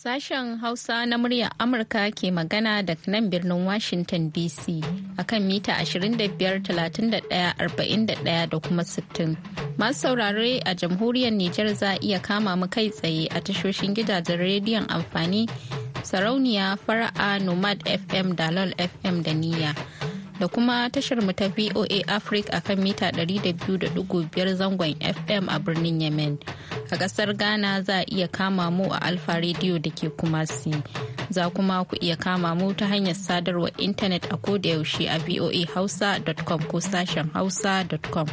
Sashen Hausa na muryar Amurka ke magana daga nan birnin Washington DC akan mita 25-31-41 da kuma 60. Masu saurare a jamhuriyar Nijar za iya kama mu kai tsaye a tashoshin gidajen rediyon amfani sarauniya fara'a Nomad FM da LOL FM da niyya. da kuma tashar mu ta VOA Africa akan mita 200.5 zangon FM a birnin Yemen. A ƙasar Ghana za a iya kama mu a Alfa Radio da ke Kumasi. Za kuma ku iya kama mu ta hanyar sadarwar intanet a ko da yaushe a voahausa.com ko sashen hausa.com.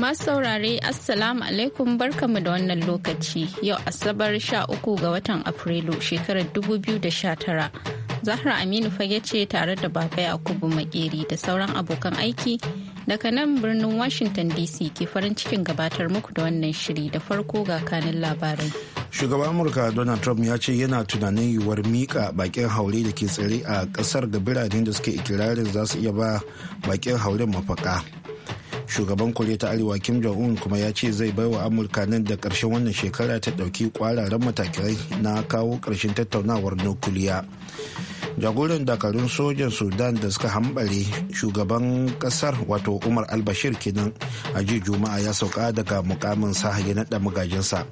Masu saurare Assalamu alaikum barkamu da wannan lokaci yau Asabar sha uku ga watan Afrilu shekarar 2019. Zahra Aminu fage ce tare da Baba Yakubu Makeri da sauran abokan aiki daga nan birnin Washington DC ke farin cikin gabatar muku da wannan shiri da farko ga kanin labarai. Shugaban Amurka Donald Trump ya ce yana tunanin yiwuwar mika bakin haure da ke tsare a kasar da biranen da suke ikirarin za su iya ba bakin hauren mafaka. shugaban koriya ta arewa kim jong-un kuma ya ce zai baiwa amurka nan da karshen wannan shekara ta ɗauki kwararren matakai na kawo ƙarshen tattaunawar nukuliya jagoran dakarun sojan sudan da suka hambare shugaban kasar wato umar albashir kenan a jiya juma'a ya sauka daga mukamin sa ya naɗa magajinsa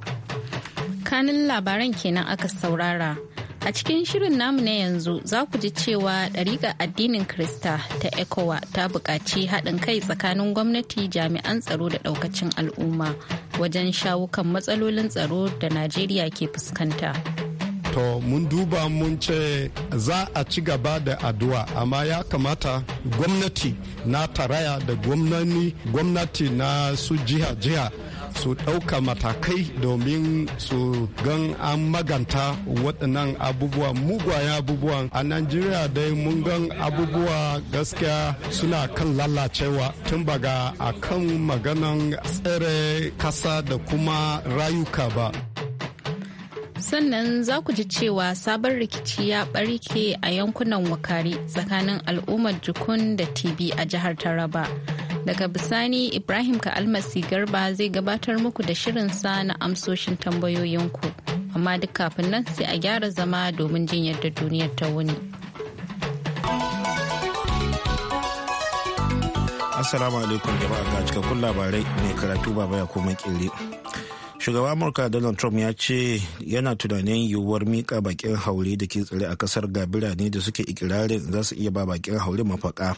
kanin labaran kenan aka saurara A cikin shirin namu na yanzu za ku ji cewa ɗariƙar addinin Krista ta ECOWA ta buƙaci haɗin kai tsakanin gwamnati jami'an tsaro da ɗaukacin al'umma wajen shawukan matsalolin tsaro da Najeriya ke fuskanta. To mun duba mun ce za a ci gaba da addu'a amma ya kamata gwamnati na taraya da gwamnati na su jiha-jiha su ɗauka matakai domin su gan an maganta waɗannan abubuwa mugwaya abubuwan a najeriya dai mun gan abubuwa gaskiya suna kan lalacewa tun baga a kan maganan tsere kasa da kuma rayuka ba sannan za ku ji cewa sabon rikici ya barke a yankunan wakari tsakanin al'ummar jukun da tibi a jihar taraba Daga bisani Ibrahim Ka'almasi Garba zai gabatar muku da shirinsa na amsoshin tambayoyinku. Amma duk kafin nan sai a gyara zama domin jin yadda duniyar ta wuni. Assalamu alaikum jama'a ga cikakkun labarai mai karatu baba ya koma kere. shugaban amurka donald trump ya ce yana tunanin yiwuwar mika bakin haure da ke tsare a kasar ga birane da suke ikirarin za su iya ba bakin haure mafaka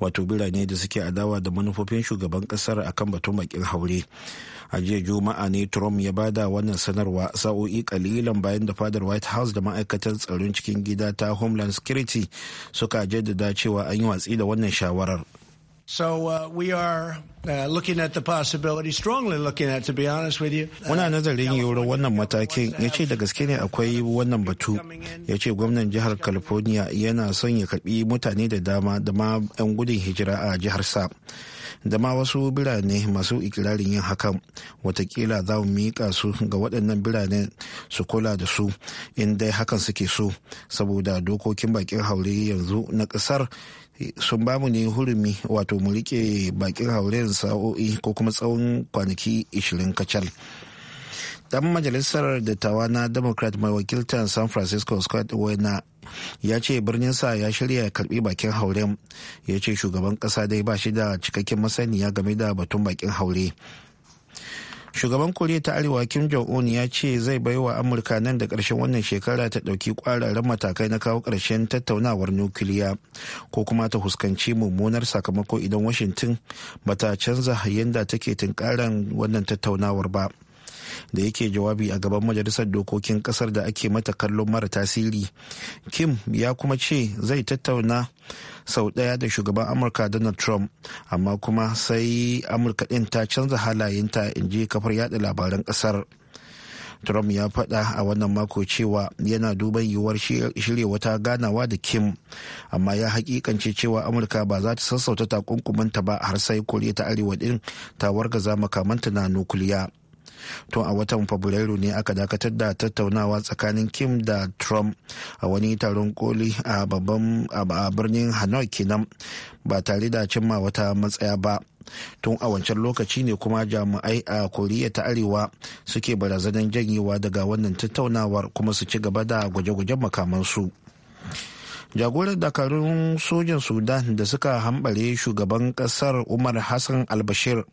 wato birane da suke adawa da manufofin shugaban kasar kan batun bakin haure a jiya juma'a ne trump ya bada wannan sanarwa sa'o'i kalilan bayan da fadar white house da ma'aikatar tsaron cikin gida ta homeland security suka jaddada cewa an yi watsi da wannan shawarar Muna nazarin yiwuwar wannan matakin ya ce da gaske ne akwai wannan batu ya ce gwamnan jihar California yana son ya karbi mutane da dama da ma 'yan gudun hijira a jihar sa. da ma wasu birane masu ikirarin yin hakan watakila za mu miƙa su ga waɗannan birane su kula da su in dai hakan suke so saboda dokokin bakin haure yanzu na ƙasar sun ba mu ne hurumi wato mu rike bakin hauren sa'o'i ko kuma tsawon kwanaki 20 kacal. dan majalisar dattawa na democrat mai wakiltar san francisco scott wena ya ce birnin birninsa ya shirya ya karbi bakin haure ya ce shugaban kasa dai ba shi da cikakken masaniya game da batun bakin haure shugaban koriya ta arewa kim jong un ya ce zai bai wa amurka nan da karshen wannan shekara ta ɗauki ƙwararren matakai na kawo ƙarshen tattaunawar nukiliya ko kuma ta fuskanci mummunar sakamako idan washington bata canza yadda take tunkaran wannan tattaunawar ba da yake jawabi a gaban majalisar dokokin kasar da ake mata kallon mara tasiri kim ya kuma ce zai tattauna sau ɗaya da shugaban amurka donald trump amma kuma sai amurka ɗin ta canza halayenta in je kafar yada labaran kasar trump ya faɗa a wannan mako cewa yana duban yiwuwar shirya wata ganawa da kim amma ya hakikance cewa amurka ba za ta sassauta takunkuminta ba har sai koriya ta arewa ɗin ta wargaza makamanta na nukuliya tun a watan fabrairu ne aka dakatar da tattaunawa tsakanin kim da trump a wani taron koli a babban a birnin hanoi kenan ba tare da cimma wata matsaya ba tun a wancan lokaci ne kuma jami'ai a koriya ta arewa suke barazanar janyewa daga wannan tattaunawar kuma su ci gaba da gwaje-gwajen makamansu. jagoran dakarun sojan sudan da suka hambare shugaban kasar umar hassan albashir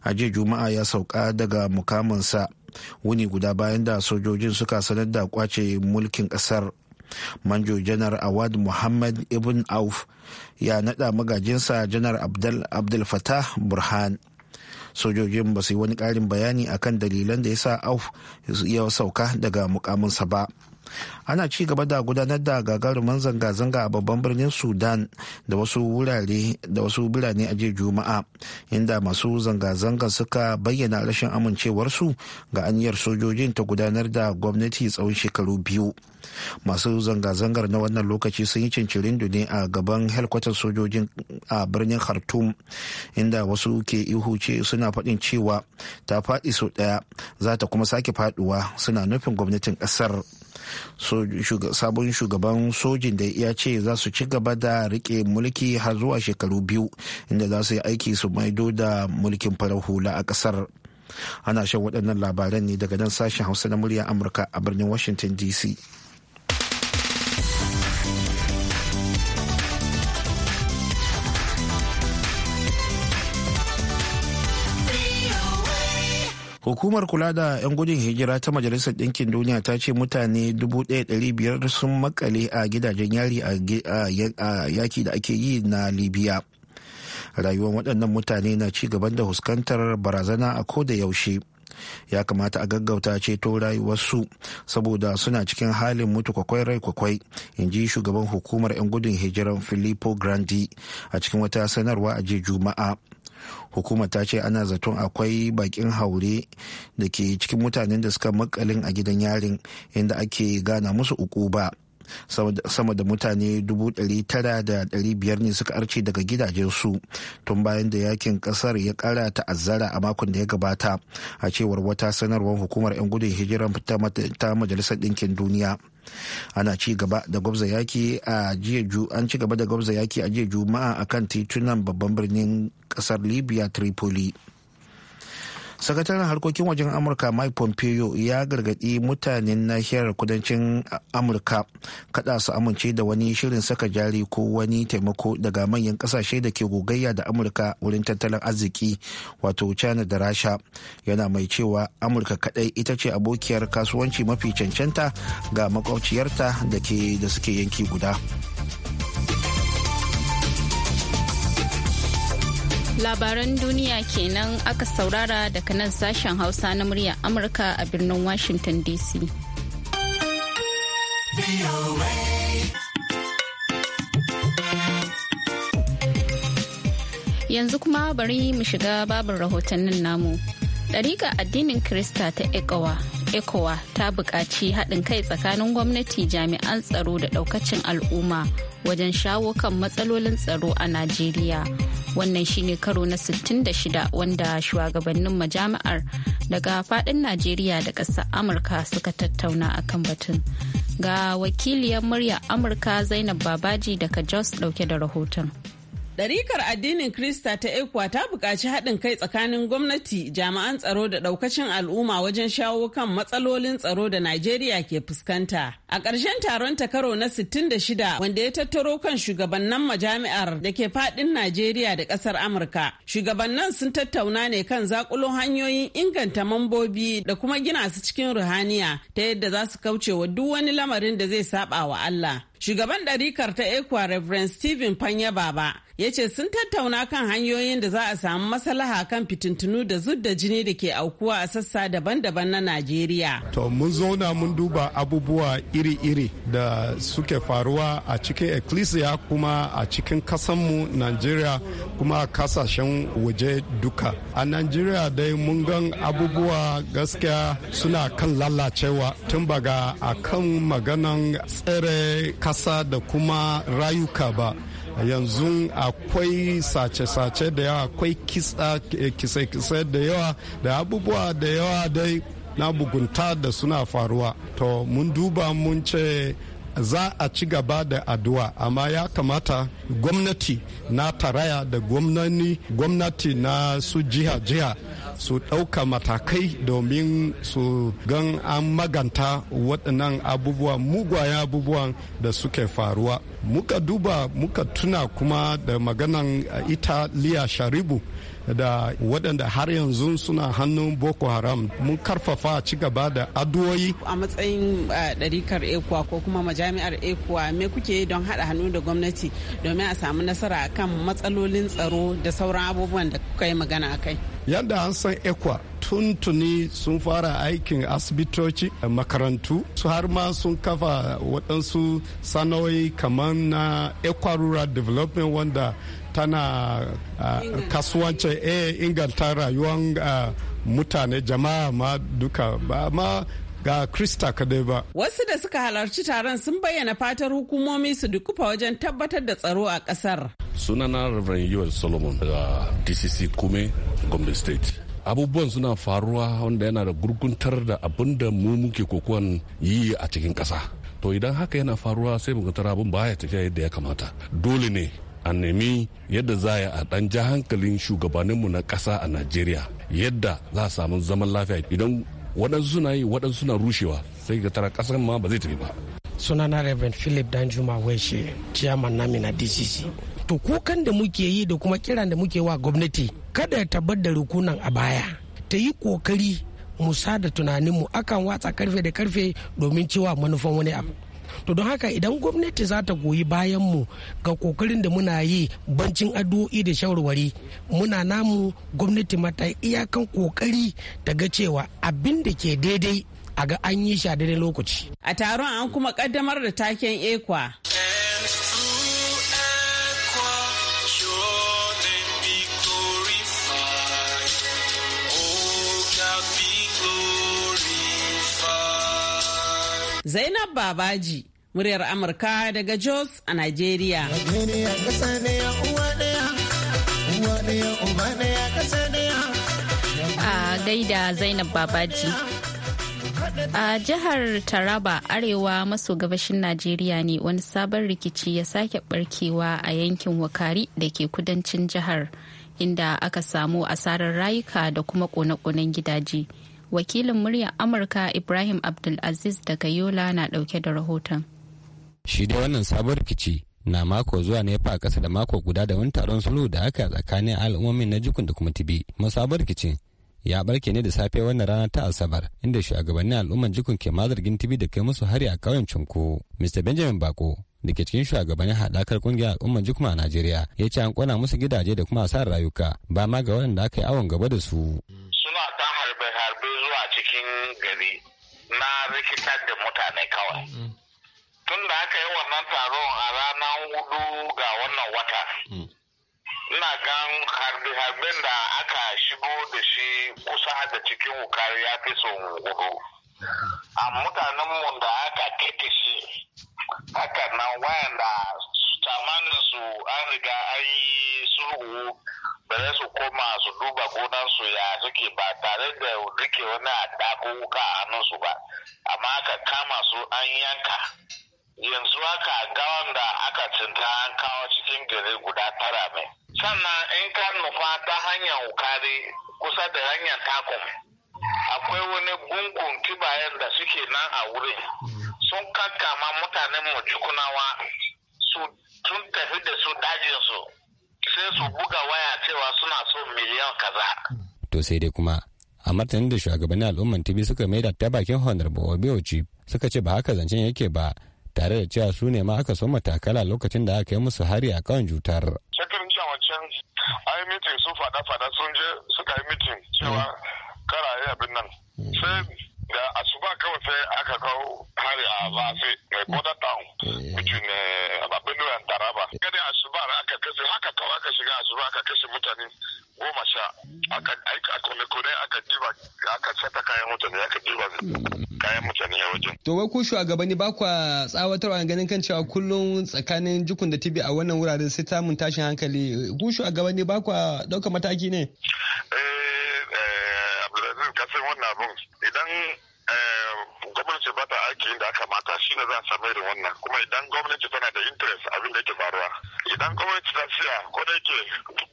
a jiya juma'a ya sauka daga mukaminsa wuni guda bayan da sojojin suka sanar da kwace mulkin kasar manjo janar awad muhammad ibn auf ya nada magajinsa janar abdul fatah burhan sojojin ba su yi wani karin bayani akan dalilan da ya sa auf ya sauka daga mukaminsa ba ana ci gaba da gudanar da gagarumin zanga-zanga a babban birnin sudan da wasu wurare da wasu birane a jiya juma'a inda masu zanga-zanga suka bayyana rashin amincewarsu ga aniyar sojojin ta gudanar da gwamnati tsawon shekaru biyu masu zanga-zangar na wannan lokaci sun yi cincirin ne a gaban helkwatar sojojin a birnin khartoum inda wasu ke ihu ce suna faɗin cewa ta faɗi sau ɗaya za ta kuma sake faɗuwa suna nufin gwamnatin ƙasar. sabon shugaban sojin da ya ce za su ci gaba da rike mulki har zuwa shekaru biyu inda za su yi aiki su maido da mulkin farar hula a kasar ana shan waɗannan labaran ne daga nan sashen hausa na murya amurka a birnin washington dc hukumar kula da 'yan gudun hijira ta majalisar ɗinkin duniya ta ce mutane 1,500 sun makale a gidajen yari a yaki da ake yi na libya rayuwar waɗannan mutane na ci gaban da huskantar barazana a ko da yaushe ya kamata a gaggauta ceto rayuwarsu saboda suna cikin halin mutu kwakwai rai kwakwai in ji shugaban hukumar 'yan gudun hijiran filippo grandi a cikin wata sanarwa a jiya juma'a hukuma ta ce ana zaton akwai bakin haure da ke cikin mutanen da suka makalin a gidan yarin inda ake gana musu uku ba sama da mutane biyar ne suka arce daga gidajensu tun bayan da yakin kasar ya kara ta'azzara a makon da ya gabata a cewar wata sanarwar hukumar 'yan gudun hijiran ta majalisar ɗinkin duniya ana ci gaba da gwabza yaki a jiya an ci gaba da gwabza yaki a jiya juma'a akan titunan babban birnin kasar libya tripoli sakataren harkokin wajen amurka mike pompeo ya gargadi mutanen nahiyar kudancin amurka kada su amince da wani shirin saka jari ko wani taimako daga manyan kasashe da ke gogayya da amurka wurin tattalin arziki wato china da rasha yana mai cewa amurka kadai ita ce abokiyar kasuwanci mafi cancanta ga makwabciyarta da suke yanki guda. Labaran duniya kenan aka saurara daga nan sashen Hausa na murya Amurka a birnin Washington DC. Yanzu kuma bari mu shiga babin rahotannin namu. Ɗariƙa addinin Krista ta Ekowa, Ekowa ta buƙaci haɗin kai tsakanin gwamnati jami'an tsaro da ɗaukacin al'umma wajen shawo kan matsalolin tsaro a Najeriya. wannan shine karo na 66 wanda shugabannin majami'ar daga fadin najeriya da ƙasar amurka suka tattauna akan batun ga wakiliyar murya amurka zainab babaji daga jos dauke da rahoton. Ɗarikar addinin Krista ta Ekwa ta buƙaci haɗin kai tsakanin gwamnati, jami'an tsaro da ɗaukacin al'umma wajen shawo kan matsalolin tsaro da Najeriya ke fuskanta. A ƙarshen taron ta karo na 66 wanda ya tattaro kan shugabannin majami'ar da ke faɗin Najeriya da ƙasar Amurka. Shugabannin sun tattauna ne kan zakulo hanyoyin inganta mambobi da kuma gina su cikin ruhaniya ta yadda za su kauce wa duk wani lamarin da zai saɓa wa Allah. Shugaban ɗarikar ta Ekwa Reverend Stephen Panya Baba ya ce sun tattauna kan hanyoyin da za a samu maslaha kan fitintunu da zub da jini da ke aukuwa a sassa daban-daban na najeriya to mun zauna mun duba abubuwa iri-iri da suke faruwa a cikin ecclesia kuma a cikin kasanmu nigeria kuma a kasashen waje duka a nigeria dai mun gan abubuwa gaskiya suna kan lalacewa tun baga a kan maganan tsere kasa da kuma rayuka ba yanzu akwai sace-sace da yawa akwai kisa-kisa da yawa da abubuwa da yawa dai na bugunta da suna faruwa to mun duba mun ce za a ci gaba da addu'a amma ya kamata gwamnati na taraya da gwamnati na su jiha-jiha su ɗauka matakai domin su gan an maganta waɗannan abubuwa mugwaya abubuwan da suke faruwa muka duba muka tuna kuma da maganan ita liya sharibu da waɗanda har yanzu suna hannun boko haram mun karfafa ci gaba da addu'o'i a matsayin eh, ɗarikar ekuwa ko kuma majami'ar ekuwa me kuke yi don haɗa hannu da gwamnati domin a samu nasara kan matsalolin tsaro da sauran abubuwan da kuka yi magana a kai yadda an san ekwa tuntuni sun fara aikin asibitoci makarantu su har ma sun kafa waɗansu sanoyi kamar na ekwa rural development wanda tana kasuwanci ah, kasuwancin eh, inganta rayuwar ah, mutane jama'a ma duka ba ma ga krista kadai ba. Wasu da suka halarci taron sun bayyana fatar hukumomi su dukufa wajen tabbatar da tsaro a kasar. Sunana Reverend Yuel Solomon daga DCC Kume, Gombe State. abubuwan suna faruwa wanda yana da gurguntar da abin da mu muke kokuwan yi a cikin kasa. to idan haka yana faruwa sai mu tara abin baya tafiya yadda ya kamata dole ne a nemi yadda za a yi a ɗan ja hankalin shugabanninmu na ƙasa a najeriya yadda za a samu zaman lafiya idan waɗansu suna yi waɗansu suna rushewa sai ga tara ƙasar ma ba zai tafi ba sunana reverend philip danjuma shi chairman nami na dcc to kukan da muke yi da kuma kiran da muke wa gwamnati kada ya bar da rukunan a baya ta yi kokari mu da tunaninmu akan watsa karfe da karfe domin cewa manufan wani abu to don haka idan gwamnati za ta goyi bayan mu ga kokarin da muna yi bancin addu'o'i da shawarwari muna namu gwamnati mata iyakan kokari ta ga cewa abin da ke daidai a ga an yi shi a daidai lokaci a taron an kuma kaddamar da taken ekwa Zainab Babaji, muryar Amurka daga Jos a Najeriya. A gaida Zainab Babaji. A jihar Taraba arewa maso gabashin Najeriya ne wani sabon rikici ya sake barkewa a yankin Wakari da ke kudancin jihar inda aka samu asarar rayuka da kuma kone-konen gidaje. wakilin muryar amurka ibrahim abdulaziz daga yola na dauke da rahoton shi dai wannan sabon rikici na mako zuwa ne fa kasa da mako guda da wani taron sulhu da aka tsakanin al'ummomin na jikun da kuma tibi sabon rikicin ya barke ne da safe wannan rana ta asabar inda shugabannin al'umman jikun ke ma zargin tibi da kai musu hari a kauyen cinko mr benjamin bako da ke cikin shugabannin hadakar ƙungiyar al'ummar jikun a najeriya ya ce an kona musu gidaje da kuma asarar rayuka ba ma ga waɗanda aka yi awon gaba da su suna ta harbe-harbe zuwa cikin gari na rikitar da mutane kawai mm. tun da aka yi wannan taron a ranar hudu ga wannan wata mm. ina gan harbe-harben da aka shigo da shi kusa da cikin wukari ya fi so hudu a mutanenmu da aka kete shi haka nan da su tamanin su an riga an yi sulhu Bere su koma su duba gonansu ya suke ba tare da rike wani adda ko wuka a ba amma aka kama so an yanka yanzu aka gawan da aka cinta an kawo cikin gari guda tara mai sannan in ka nufa ta hanyar wukari kusa da hanyar takum akwai wani gungun kibayen da suke nan a wurin sun kakkama mutanen mu jikunawa su tun tafi da su sai su buga waya cewa suna son miliyan kaza. To sai dai kuma a martanin da shugabannin al'umman tibi suka maida ta bakin honorable obiyoci suka ce ba haka zancen yake ba tare da cewa su ne ma aka so matakala lokacin da aka yi musu hari a kan jutar. Cikin jiya wancan yi mitin su fada-fada sun je suka yi mitin cewa mm. kara yi abin nan. Mm. Sai da asuba kawai sai aka kawo hari a lafi mai border town eh. between eh, benue and taraba gani asuba aka kashe haka kawai aka shiga asuba aka kashe mutane goma sha aka aika kone-kone aka diba aka sata kayan mutane aka diba kayan mutane a wajen. To wai ku shugabanni ba kwa tsawatarwa ganin kan cewa kullum tsakanin jukun da tibi a wannan wuraren sai samun tashin hankali ku shugabanni ba kwa ɗaukar mataki ne? Eh, eh Abdulaziz kasan wannan abin shine za a samu irin wannan kuma idan gwamnati tana da interest abin da yake faruwa idan gwamnati ta siya ko da yake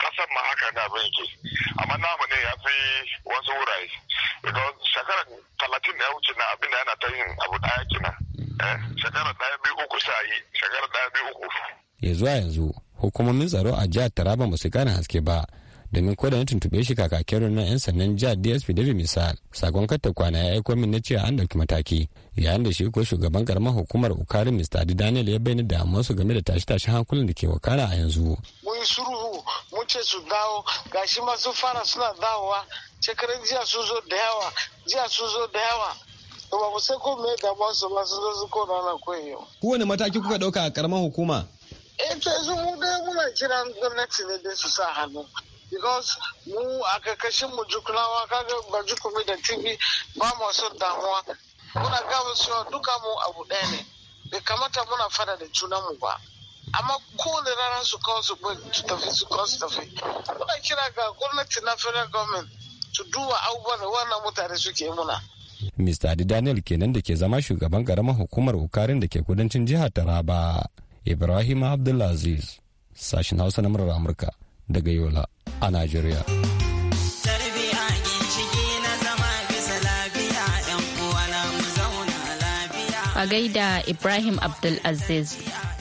kasan ma haka na abin yake amma namu ne ya fi wasu wurare idan shekara talatin na ya wuce na abin da yana ta yin abu daya kina eh, shekara daya bi uku sa yi shekara daya bi uku. ya zuwa yanzu hukumomin tsaro a jihar taraba ba su gane haske ba domin ko da na tuntube shi kakakin na 'yan sannan jihar dsp david misal sakon katta kwana ya aiko min na cewa an dauki mataki yayin da shi ko shugaban karamar hukumar ukari mr adi daniel ya bayyana damuwarsu game da tashi-tashi hankulan da ke wakana a yanzu. mun suruhu mun ce su dawo gashi ma sun fara suna dawowa shekaran jiya sun zo da yawa jiya sun zo da yawa to ba mu sai ko me ba su ba sun zo su ko na koyo. kowane mataki kuka ɗauka a karamar hukuma. eh to yanzu mu dai muna kiran gwamnati ne dai su sa hannu because mu a karkashin mu jukunawa kaga ba jukumi da tv ba mu son damuwa muna gaba cewa duka mu abu ɗaya ne bai kamata muna fada da junan mu ba amma kowane rana su kawo su tafi su kawo su tafi muna kira ga gwamnati na federal government su duba abubuwan da wannan mutane suke muna Mr. Adi Daniel kenan da ke zama shugaban karamar hukumar ukarin da ke kudancin jihar Taraba. Ibrahim Abdulaziz, sashen Hausa na murar Amurka daga Yola a Najeriya. A gaida Ibrahim Abdulaziz.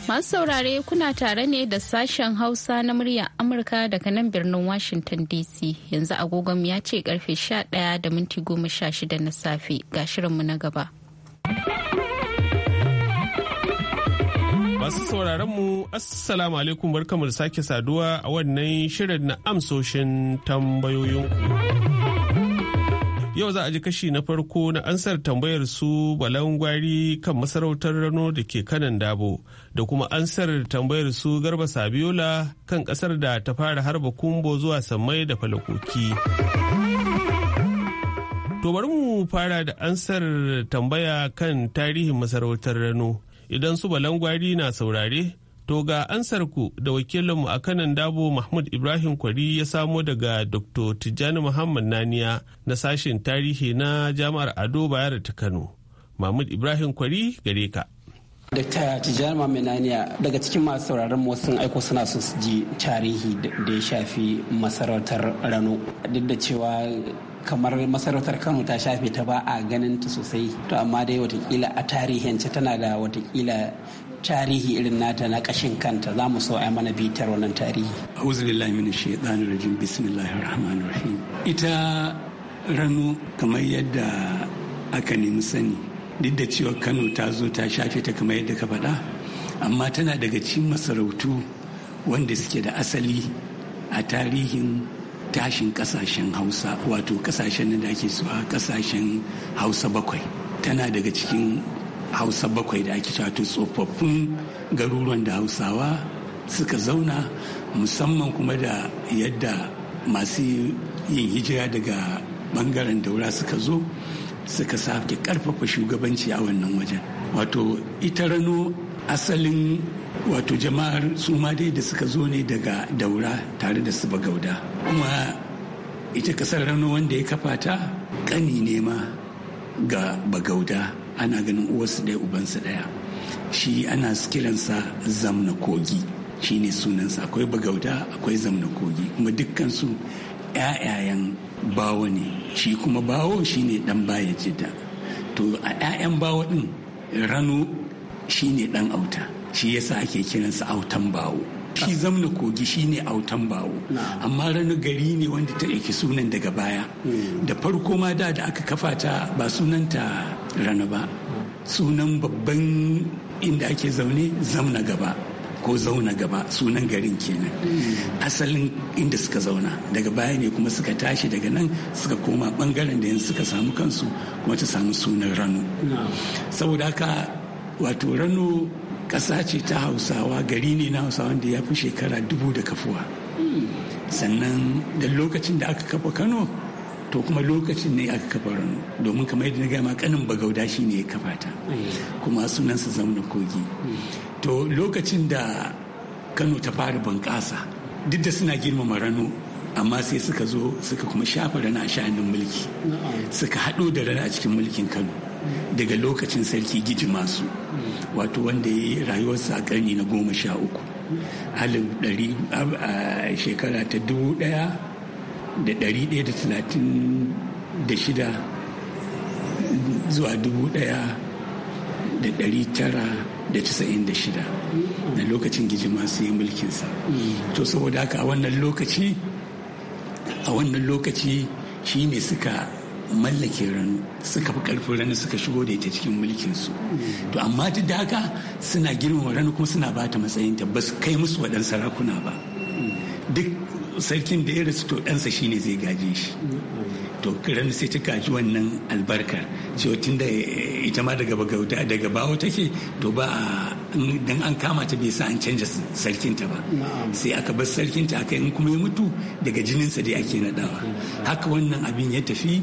Masu saurare kuna tare ne da sashen Hausa na muryar Amurka daga nan birnin Washington DC yanzu agogon ya ce karfe 11 da minti 16 na safe ga shirinmu na gaba. Masu sauraron mu Assalamu alaikum barkamu da sake saduwa a wannan shirin na amsoshin tambayoyinku. yau za a ji kashi na farko na ansar tambayar su balan gwari kan masarautar rano da ke kanan dabo da kuma ansar tambayar su garba sabiola kan kasar da ta fara harba kumbo zuwa sammai da falakoki to bari mu fara da ansar tambaya kan tarihin masarautar rano idan su balangwari na saurare to ga ansarku da wakilinmu a kanan dabo mahmud ibrahim kwari ya samo daga dr tijjani muhammad naniya na sashen tarihi na jami'ar ado bayar ta kano mahmud ibrahim kwari gare ka Dakta Tijjani naniya daga cikin masu sauraron mu sun aiko suna so su ji tarihi da ya shafi masarautar Rano duk da cewa kamar masarautar kano ta shafe ta ba a ganin ta sosai to amma dai watakila a tarihance tana da watakila tarihi irin nata na kashin kanta za mu so a mana bitar wannan tarihi. auzubillahi min shaitanir rajim bismillahir rahmanir rahim ita rano kamar yadda aka nemi sani duk da cewa kano ta zo ta shafe ta kamar yadda ka faɗa amma tana daga cikin masarautu wanda suke da asali a tarihin tashin kasashen hausa wato kasashen da ake suwa kasashen hausa bakwai tana daga cikin hausa bakwai da ake cewa tsofaffin garuruwan da hausawa suka zauna musamman kuma da yadda masu yin hijira daga bangaren daura suka zo suka sake karfafa shugabanci a wannan wajen wato ita rano asalin wato jama'ar su ma dai da suka zo ne daga daura tare da su bagauda kuma ita kasar rano wanda ya kafa ta kani ne ga bagauda ana ganin uwarsu ɗaya ubansu ɗaya shi ana kiransa zamna kogi shi ne sunansa akwai bagauda akwai zamna kogi kuma dukkansu 'ya'yayen bawo ne shi kuma bawo shi ne ɗan baya jidda to a 'ya'yan bawo ɗin rano shine ɗan auta shi yasa ake kiransa autan bawo shi zamna kogi shi ne autan bawo amma rana gari ne wanda ta ɗauki sunan daga baya hmm. da farko ma da da aka kafa ta ba sunanta rana ba sunan babban inda ake zaune zamna gaba ko zauna gaba sunan garin kenan hmm. asalin inda suka zauna daga baya ne kuma suka tashi daga nan suka koma bangaren da yanzu suka samu kansu kuma ta samu sunan rano saboda haka wato rano ƙasa ce ta hausawa gari ne na hausawa da ya fi shekara dubu da kafuwa sannan da lokacin da aka kafa kano to kuma lokacin ne aka kafa rano domin kamar yadda na gama kanin bagauda shi ne ya kafa ta mm. kuma sunansa zamna kogi mm. to lokacin da kano ta fara bunƙasa duk da suna girmama rano amma sai suka zo suka kuma shafa rana a sha'anin mulki suka haɗo da rana a cikin mulkin kano daga lokacin sarki giji masu wato wanda ya yi rayuwarsa a karni na goma sha uku halin ɗari a shekara ta dubu ɗaya da ɗari ɗaya da talatin da shida zuwa dubu ɗaya da ɗari tara da casa'in da shida na lokacin giji masu yi mulkinsa to saboda haka a wannan lokaci a wannan lokaci shi ne suka mallake ranu suka fi karfin rani suka shigo da ita cikin mulkin su to amma ta da haka suna girmama rani kuma suna bata matsayin ta ba su kai musu waɗan sarakuna ba duk sarkin da ya rasu to ɗansa shine zai gaje shi to ran sai ta kaji wannan albarkar cewa tun da eh, ita ma daga bagauta daga bawo take to ba dan an kama ta bai sa an canja sarkinta ba sai aka bar sarkinta aka in kuma ya mutu daga jininsa dai ake nadawa haka wannan abin ya tafi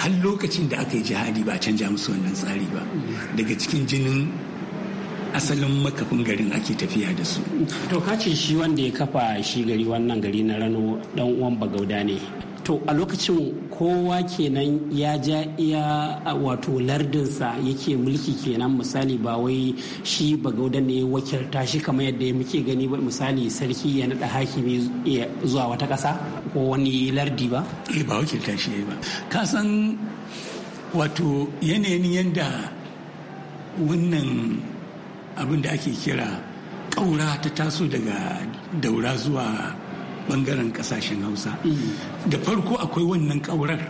har lokacin da aka yi jihadi ba a canja musu wannan tsari ba daga cikin jinin asalin makafin garin ake tafiya da su. To kace shi wanda ya kafa shi gari wannan gari na Rano dan uwan Bagauda ne. to a lokacin kowa kenan ya ja iya wato lardinsa yake mulki kenan misali ba wai shi bagauda ne ya wakilta shi kamar yadda muke gani ba misali sarki ya naɗa hakimi zuwa wata ƙasa ko wani lardi ba? eh ba wakilta shi ba ka san wato yanayin yadda wannan abin da ake kira ƙaura ta taso daga daura zuwa bangaren kasashen hausa mm. da farko akwai wannan kaurar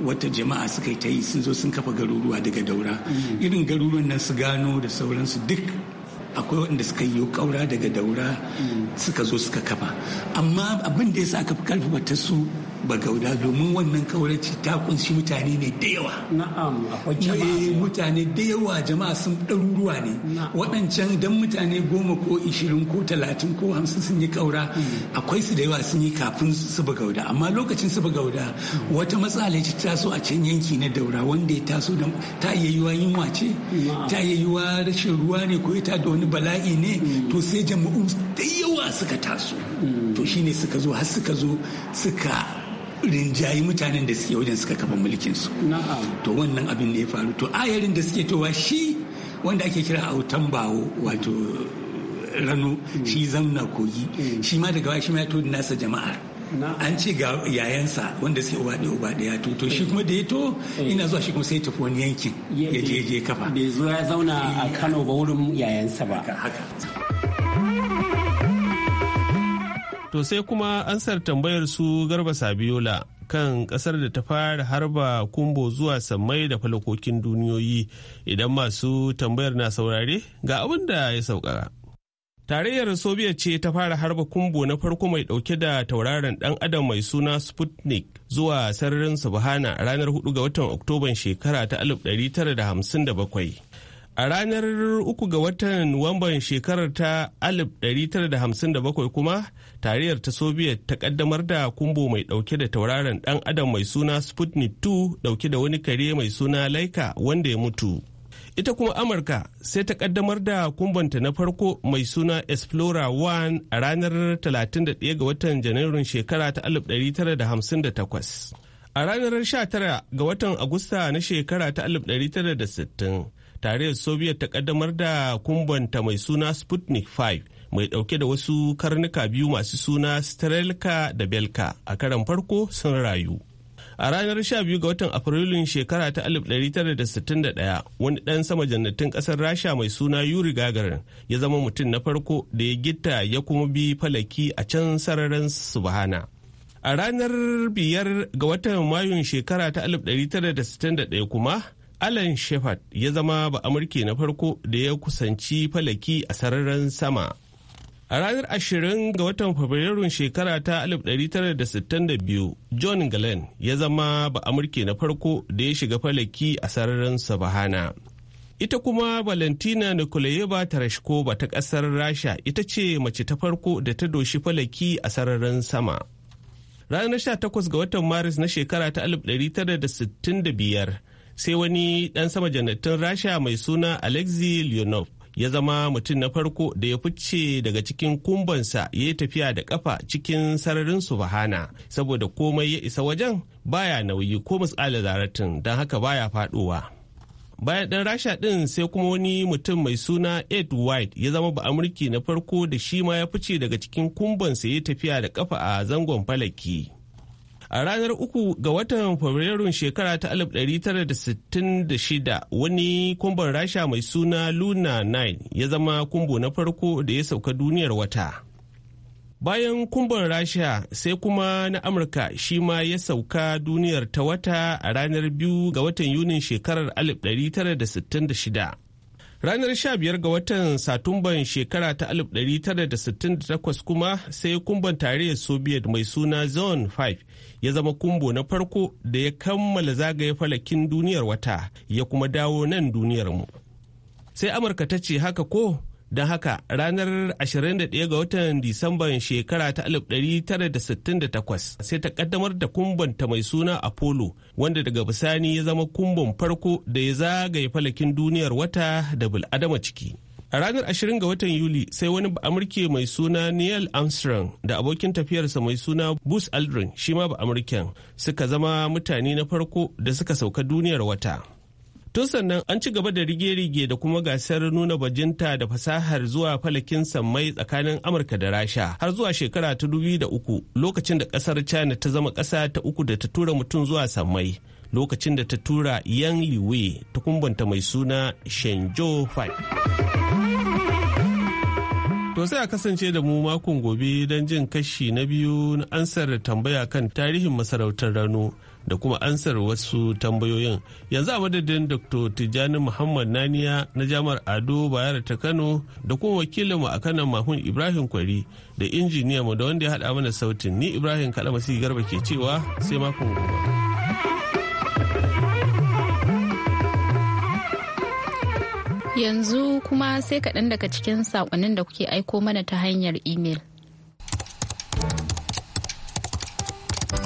wata jama'a suka yi ta yi sun zo sun kafa garuruwa daga daura mm. irin garuruwan nan su gano da sauransu duk akwai waɗanda suka yi kaura daga daura suka zo suka kafa amma abin da ya sa aka fi karfafa ta su ba gauda domin wannan kauraci ta kunshi mutane ne da yawa akwai jama'a eh, mutane da yawa jama'a sun ɗaruruwa ne waɗancan dan mutane goma ko ishirin ko talatin ko hamsin sun yi kaura hmm. akwai su da yawa sun yi kafin su ba gauda amma lokacin su ba gauda hmm. wata matsala ce ta so a can yanki na daura wanda ya taso ta yayyuwa yiwa yunwa ta yayyuwa rashin ruwa ne ko ya ta da wani bala'i ne mm. to sai jama'u da yawa suka taso mm. to shine suka zo har suka zo suka rinjayi mutanen da suke wajen suka kafa mulkin su to wannan abin ne ya faru to ayarin da suke towa shi wanda ake kira autan bawo wato rano mm. shi zamna kogi shi ma daga shi ma ya to nasa jama'ar an ce ga yayansa wanda sai uba ɗaya uba ɗaya to to shi eh. kuma da ya to eh. ina zuwa shi kuma sai tafi wani yankin ya je je kafa bai zo ya zauna a eh. Kano ba wurin yayansa ba haka to sai kuma ansar tambayar su Garba Sabiola kan kasar da ta fara harba kumbo zuwa sammai da falakokin duniyoyi idan masu tambayar na saurare ga abin da ya sauƙaƙa. Tarayyar Soviet ce ta fara harba kumbo na farko mai dauke da tauraron dan adam mai suna Sputnik zuwa sararin Subhana a ranar 4 ga watan Oktoban shekara ta 1957. A ranar 3 ga watan Nuwamban shekarar ta 1957 kuma tarayyar ta Soviet ta kaddamar da kumbo mai dauke da tauraron dan adam mai suna Sputnik 2 dauke da wani kare mai suna Laika wanda ya mutu. ita kuma amurka sai ta kaddamar da kumbanta na farko mai suna explorer 1 a ranar 31 ga watan janairun shekara ta 1958 a ranar 19 ga watan agusta na shekara ta 1960 tare da soviet ta kaddamar da kumbanta mai suna sputnik 5 mai dauke da wasu karnuka biyu masu suna strelka da belka a karan farko sun rayu A ranar 12 ga watan Afrilun shekara ta 1961 wani ɗan sama jannatin ƙasar Rasha mai suna Yuri Gagarin ya zama mutum na farko da ya gitta ya kuma bi falaki a can sararin Subhana. A ranar biyar ga watan Mayun shekara ta 1961 kuma Alan Shepard ya zama ba Amurke na farko da ya kusanci falaki a sararin sama. A ranar 20 ga watan Fabrairun shekara ta 1962, John Glenn ya zama ba Amurke na farko da ya shiga falaki a sararin Sabahana. Ita kuma Valentina Nikolayeva Tereshkova ta ƙasar Rasha ita ce mace ta farko da ta doshi falaki a sararin sama. Ranar 18 ga watan Maris na shekara ta 1965 sai wani ɗan sama jannatin Rasha mai suna Alexei Leonov ya zama mutum na farko da ya fice daga cikin kumbansa ya yi tafiya da kafa cikin sararin subhana saboda komai ya isa wajen baya nauyi ko misali zaratin don haka baya faduwa bayan ɗan rasha ɗin sai kuma wani mutum mai suna ed white ya zama ba amurki na farko da shi ma ya fice daga cikin kumbansa ya yi tafiya da kafa a zangon falaki A ranar uku ga watan Fabrairu shekara ta 1966 wani kumbon rasha mai suna Luna 9 ya zama kumbo na farko da ya sauka duniyar wata. Bayan kumbon rasha sai kuma na Amurka shi ma ya sauka duniyar ta wata a ranar biyu ga watan Yunin shekarar 1966. Ranar 15 ga watan Satumban shekara ta 1968 kuma sai kumban tarayyar Soviet mai suna Zone 5 ya zama kumbo na farko da ya kammala zagaye falakin duniyar wata ya kuma dawo nan duniyarmu. Sai Amurka ta ce haka ko Don haka ranar 21 ga watan Disamban shekara ta 1968 sai ta kaddamar da kumbanta mai suna Apollo wanda daga bisani ya zama kumban farko da ya zagaye falakin duniyar wata da bil'adama ciki. A ranar 20 ga watan Yuli sai wani Amurke mai suna Neil Armstrong da abokin tafiyarsa mai suna Buzz Aldrin shi ma ba Amurken suka zama mutane na farko da suka sauka duniyar wata. Tun sannan an ci gaba da rige-rige da kuma gasar nuna bajinta da fasahar zuwa falakin sammai tsakanin Amurka da Rasha har zuwa shekara ta da uku lokacin da kasar China ta zama kasa ta uku da ta tura mutum zuwa sammai lokacin da ta tura yan liwe ta kumbanta mai suna shenjo 5. To sai a kasance da mu makon gobe don jin kashi na biyu na ansar tambaya kan tarihin masarautar Rano. da kuma ansar wasu tambayoyin yanzu a madadin dr tijjani muhammad naniya na jamar ado bayar ta kano da kuma wakilinmu a kanan mahun ibrahim kwari da mu da wanda ya haɗa mana sautin ni ibrahim kalamasi garba ke cewa sai makon gobe yanzu kuma sai kaɗan daga cikin saƙonin da kuke aiko mana ta hanyar imel.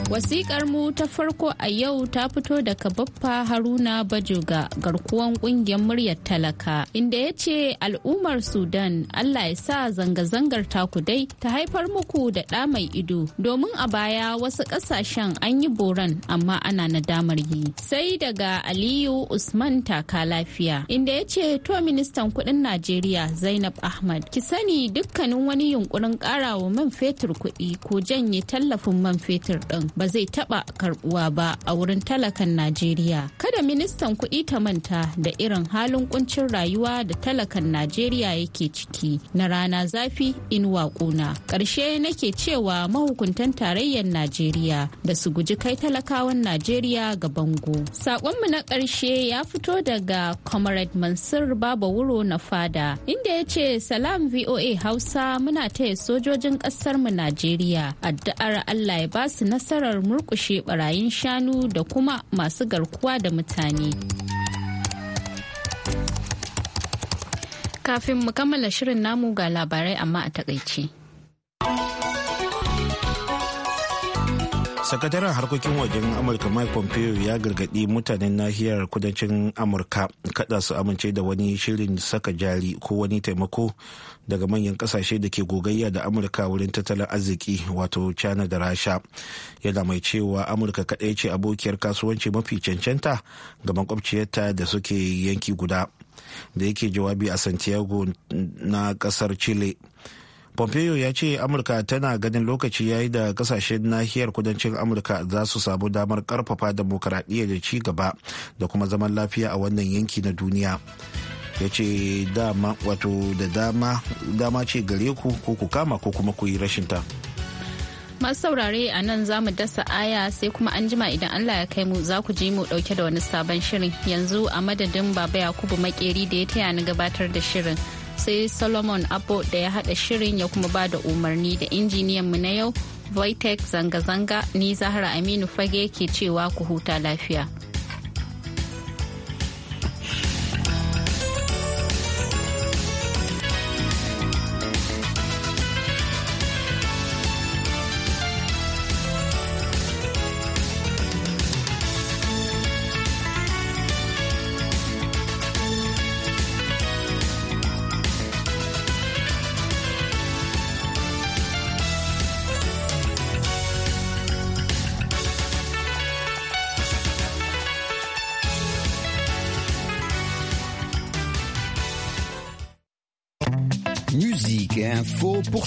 Wasikar mu ta farko a yau ta fito daga Baffa Haruna Bajoga garkuwan ƙungiyar muryar talaka inda ya ce al'ummar Sudan Allah ya sa zanga-zangar taku dai ta haifar muku da ɗa mai ido domin a baya wasu ƙasashen an yi boran amma ana nadamar yi. Sai daga Aliyu Usman taka lafiya inda ya ce to ministan kuɗin Najeriya Zainab Ahmad ki sani dukkanin wani yunkurin ƙarawa man fetur kuɗi ko janye tallafin man fetur ɗin ba zai taɓa karbuwa ba a wurin talakan Najeriya. Kada ministan kuɗi ta manta da irin halin kuncin rayuwa da talakan Najeriya yake ciki na rana zafi inuwa ƙuna. Ƙarshe nake cewa mahukuntan tarayyar Najeriya da su guji kai talakawan Najeriya ga bango. Saƙonmu na ƙarshe ya fito daga Comrade Mansur Baba Wuro na fada inda ya ce salam VOA Hausa muna taya sojojin ƙasarmu Najeriya addu'ar Allah ya ba su nasara nasarar murkushe barayin shanu da kuma masu garkuwa da mutane. Kafin mu kammala shirin namu ga labarai amma a takaice. sakataren harkokin wajen amurka mike pompeo ya gargadi mutanen nahiyar kudancin amurka kada su amince da wani shirin saka jari ko wani taimako daga manyan kasashe da ke gogayya da amurka wurin tattalin arziki wato china da rasha yana mai cewa amurka kadai ce abokiyar kasuwanci mafi cancanta ga makwabciyarta da suke yanki guda da yake jawabi a santiago na kasar chile pompeo ya ce amurka tana ganin lokaci ya yi da kasashen nahiyar kudancin amurka za su samu damar karfafa demokaradiyya da ci gaba da kuma zaman lafiya a wannan yanki na duniya ya ce dama wato da dama dama ce gare ku ko ku kama ko kuma ku yi rashinta masu saurare a nan za mu dasa aya sai kuma an jima idan allah ya kai mu za ku ji mu dauke da wani sabon shirin yanzu a madadin baba yakubu makeri da ya taya ni gabatar da shirin sai solomon abo da ya haɗa shirin ya kuma ba da umarni da injiniyan mu na yau voitech zanga-zanga ni zahra aminu fage ke cewa ku huta lafiya.